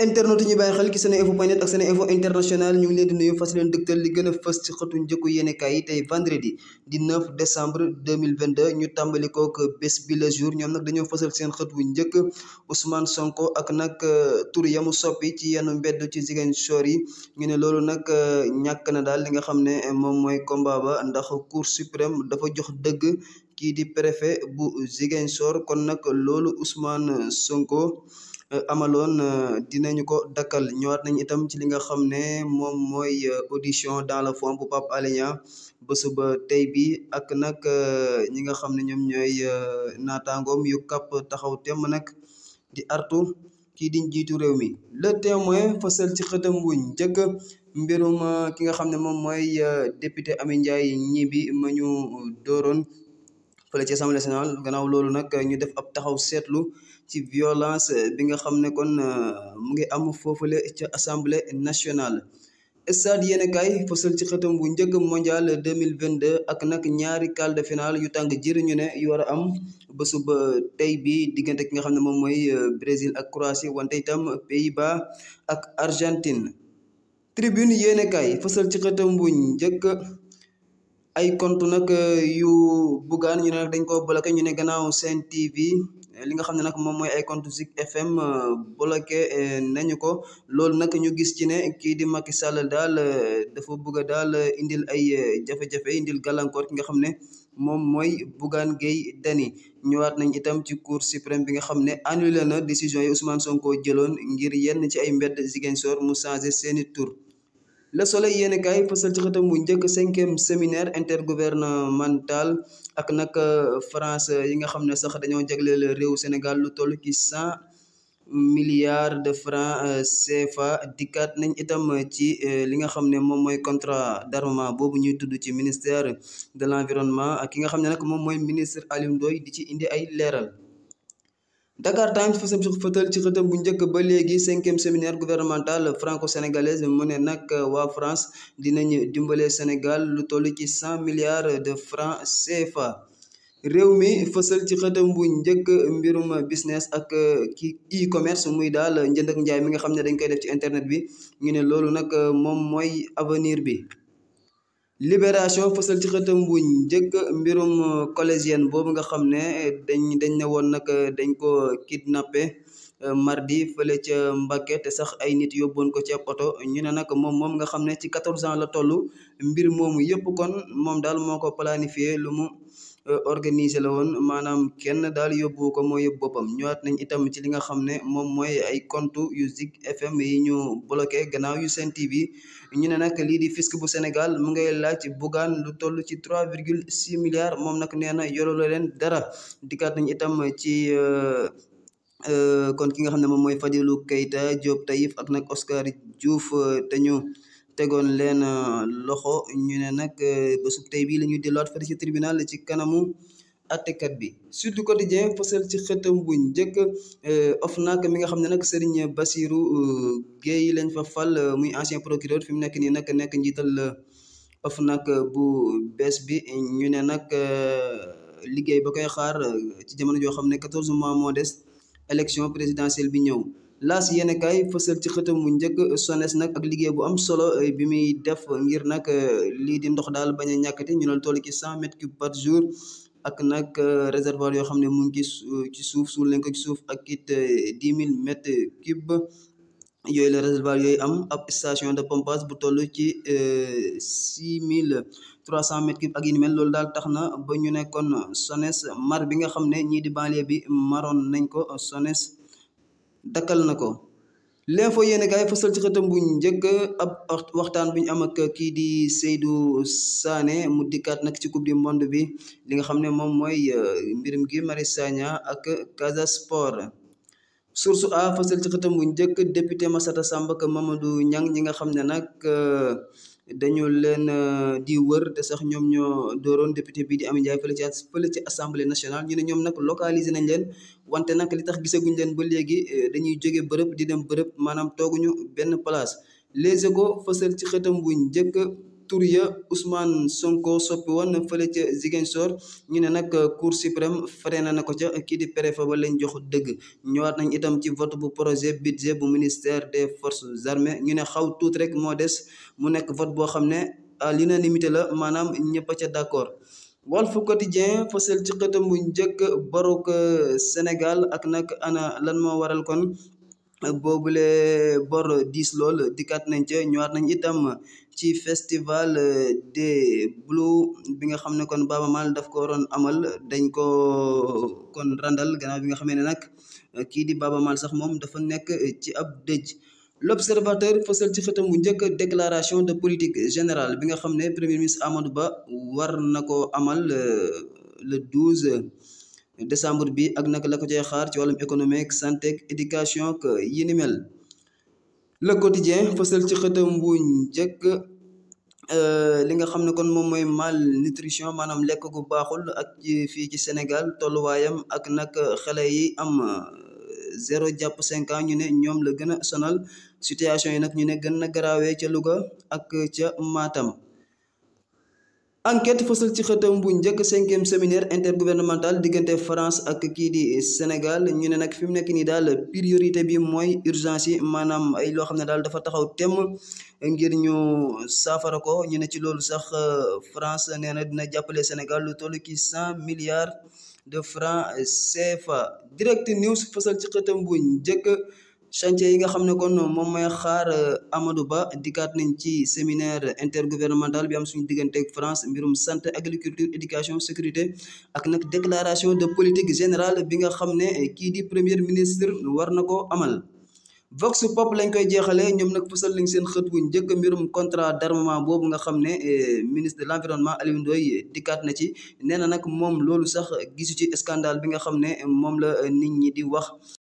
internet yi ñu bàyyi xel ci seen info point net ak seen info international ñu ngi leen di nuyu fas leen dëgtal li gën fës ci xëtu njëkku yéenekaay yi tey vendredi di 9 décembre 2022 ñu tàmbali kook bés bi le jour ñoom nag dañoo fësal seen xët wu njëkk Ousmane Sonko ak nag euh, tur yamu soppi ci yenn mbedd ci Ziguinchor yi ñu ne loolu nag euh, ñàkk na daal li nga xam ne moom mooy combat ndax Cour suprême dafa jox dëgg kii di bu bu Ziguinchor kon nag loolu Ousmane Sonko euh, amaloon euh, dinañu ko dakkal ñëwaat nañ itam ci li nga xam ne moom mooy euh, audition dans le fond bu Pape Alé Niang bés tey bi ak nag ñi nga xam ne ñoom ñooy naataangoom yu kàpp taxaw temm nag di artu kii di njiitu réew mi le témoin fasal ci xëtam wuñ njëkk mbirum ki nga xam ne moom mooy député Amy Ndiaye Gniby ma ñu dooroon fële ci assemblée nationale gannaaw loolu nag ñu def ab taxaw seetlu ci violence bi nga xam ne kon euh, mu ngi am foofule ca assemblée nationale. stade yéen kay fësal ci xëtam bu njëkk mondial deux mille vingt deux ak nag ñaari quart de finale yu tàng jëriñu ne yu war a am bésu ba euh, tey bi diggante ki nga xam ne moom mooy euh, Brésil ak Croatie wante itam pays ba ak Argentine. tribune yéen kaay fësal ci xëtam bu ay compte nag eh, yu Bougane ñu ne nag dañ ko bloqué ñu ne gannaaw Sen TV eh, li nga xam ne nag moom mooy ay compte Zik FM eh, bloqué nañu ko loolu nag ñu gis ci ne kii di Macky Sall daal dafa bëgg daal indil ay jafe-jafe indil gàllankoor ki nga xam ne moom mooy Bougane Gueye Dany ñëwaat nañ itam ci cour suprême bi nga xam ne annulé na décision yi Ousmane Sonko jëloon ngir yenn ci ay mbedd Ziguinchor mu changé seeni tur le soleil yéen kaay fësal ci xëtam bu njëkk cinquième séminaire intergouvernemental ak nag euh, France yi nga xam ne sax dañoo jagleel réew Sénégal lu toll ci cent milliards de francs euh, CFA dikat nañ itam ci euh, li nga xam ne moom mooy contrat d'armement boobu ñuy tudd ci ministère de l'environnement ak ki nga xam ne nag moom mooy ministre Aliou Ndoye di ci indi ay leeral. Dakar Times fa ci xëtam bu njëkk ba léegi cinquième séminaire gouvernemental franco-sénégalaise mu ne nag euh, waa France dinañu dimbale Sénégal lu toll ci cent milliards de francs CFA réew mi fësal ci xëtam bu njëkk mbirum business ak euh, ki e-commerce muy daal njënd ak njaay mi nga xam ne dañ koy def ci internet bi ñu ne loolu nag euh, moom mooy avenir bi libération fësal ci xëtam bu njëkk mbirum euh, collégienne boobu nga xam ne euh, dañ dañ ne woon nag euh, dañ ko kidnappé mardi fële ca Mbacké te sax ay nit yóbboon ko ci oto ñu ne nag moom moom nga xam ne ci quatorze ans la toll mbir moom yëpp kon moom daal moo ko planifié lu Euh, organiser la woon maanaam kenn daal yóbbu ko moo yóbbu boppam ñëwaat nañ itam ci li nga xam ne moom mooy ay compte yu Zik FM yi ñu bloqué gannaaw yu Sen TV ñu ne nag lii di fisc bu senegal mu ngay laaj Bougane lu toll ci trois virgule six milliards moom nag nee na yoroo leen dara dikkaat nañ itam ci euh, euh, kon ki nga xam ne moom mooy Fadilou Keita Diop Taïf ak nag Oscar Diouf te ñu tegoon leen euh, loxo ñu ne nag euh, bésub tey bii la ñuy delluwaat fële ci tribunal ci kanamu attekat bi surtout Sud Quotidien fësal ci xëtam bu njëkk euh, OFNAC mi nga xam ne nag Serigne basiru Guèye lañ fa fal muy ancien procureur fi mu nekk nii nag nekk njiital OFNAC bu bees bi ñu ne nag liggéey ba koy xaar ci jamono joo xam ne quatorze mois moo des élection présidentielle bi ñëw laas yéen kay fësal ci xëtam mu njëkk sones nag ak liggéey bu am solo eh, bi muy def ngir nag eh, lii di ndox daal bañ a ñu loolu toll ci cent mètres cubes jour ak nag eh, réservoir yoo xam ne mu ngi ci suuf suul nañ ko ci suuf ak it dix mille mètres cubes yooyu la réservoir yooyu am ab station de pompage bu toll ci six mille trois cent mètres cubes ak yi ni loolu daal tax na ba ñu nekkoon sones mar bi nga xam ne ñii di banlieue bi maroon nañ ko sones dakal na ko l'info yéen kaay fësal ci xëtam bu njëkk ab waxtaan bu am ak kii di Seydou Sané mu dikkaat nag ci coupe du monde bi li nga xam ne moom mooy euh, mbirum gi Mari Sagna ak Casa Sport source a fësal ci xëtam bu njëkk député Massata Samb ak Mamadou Niang ñi nga xam ne nag euh, dañu leen euh, di wër te sax ñoom ñoo dooroon député bii di Amy Ndiaye fële ci fële ci assemblée nationale ñu ne ñoom nag localisé nañ leen wante nag li tax gisaguñ leen ba léegi euh, dañuy jóge bërëb di dem bërëb maanaam tooguñu benn place les Échos fësal ci xëtam bu njëkk tur ya Ousmane Sonko soppi woon fële ca Ziguinchor ñu ne nag euh, Cour suprême freiné na ko ca kii di préfet ba lañ jox dëgg ñëwaat nañ itam ci vote bu projet budget bu ministère des forces armées ñu ne xaw tuuti rek moo des mu nekk vote boo xam ne à l'unanimité la maanaam ñëpp a ca d'accord Walf Quotidien fësal ci xëtam bu njëkk barok euh, Sénégal ak nag ana lan moo waral kon boobule bor diis lool dikkaat nañ ca ñëwaat nañ itam ci festival des blues bi nga xam ne kon Baaba Maal daf ko waroon amal dañ ko kon randal gannaaw bi nga xamee ne nag kii di Baaba Maal sax moom dafa nekk ci ab dëj L'Observateur fësal ci xëtam bu njëkk déclaration de politique général bi nga xam ne premier ministre Amadou Ba war na ko amal euh, le 12 décembre bi ak naka la ko cay xaar ci wàllum économique santé éducation ak yi ni mel le quotidien fësal ci xëtam bu njëkk euh, li nga xam ne kon moom mooy nutrition maanaam lekk gu baaxul ak fii ci Sénégal tolluwaayam ak nag xale yi am euh, zéro jàpp cinq ans ñu ne ñoom la gën a sonal situation yi nag ñu ne gën a garaawee ca Louga ak ca Matam enquête fësal ci xëtam bu njëkk cinquième séminaire intergouvernemental diggante France ak kii di Sénégal ñu ne nag fi mu nekk nii daal priorité bi mooy urgence yi maanaam ay loo xam ne daal dafa taxaw temm ngir ñu saafara ko ñu ne ci loolu sax euh, France nee na dina jàppale Sénégal lu toll ki cent milliards de francs CFA direct news fësal ci xëtam bu njëkk. chantier yi nga xam ne kon moom mooy xaar euh, Amadou Ba dikkaat nañ ci séminaire intergouvernemental bi am suñu diggante ak France mbirum santé agriculture éducation sécurité ak nag déclaration de politique général bi nga xam ne kii di premier ministre war na ko amal. Vox Pop lañ koy jeexalee ñoom nag fësal nañ seen xët wu njëkk mbirum contrat d'armement boobu nga xam ne euh, ministre de l'environnement Aliou Ndoye dikkaat na ci nee na nag moom loolu sax gisu ci scandale bi nga xam ne moom la euh, nit ñi di wax.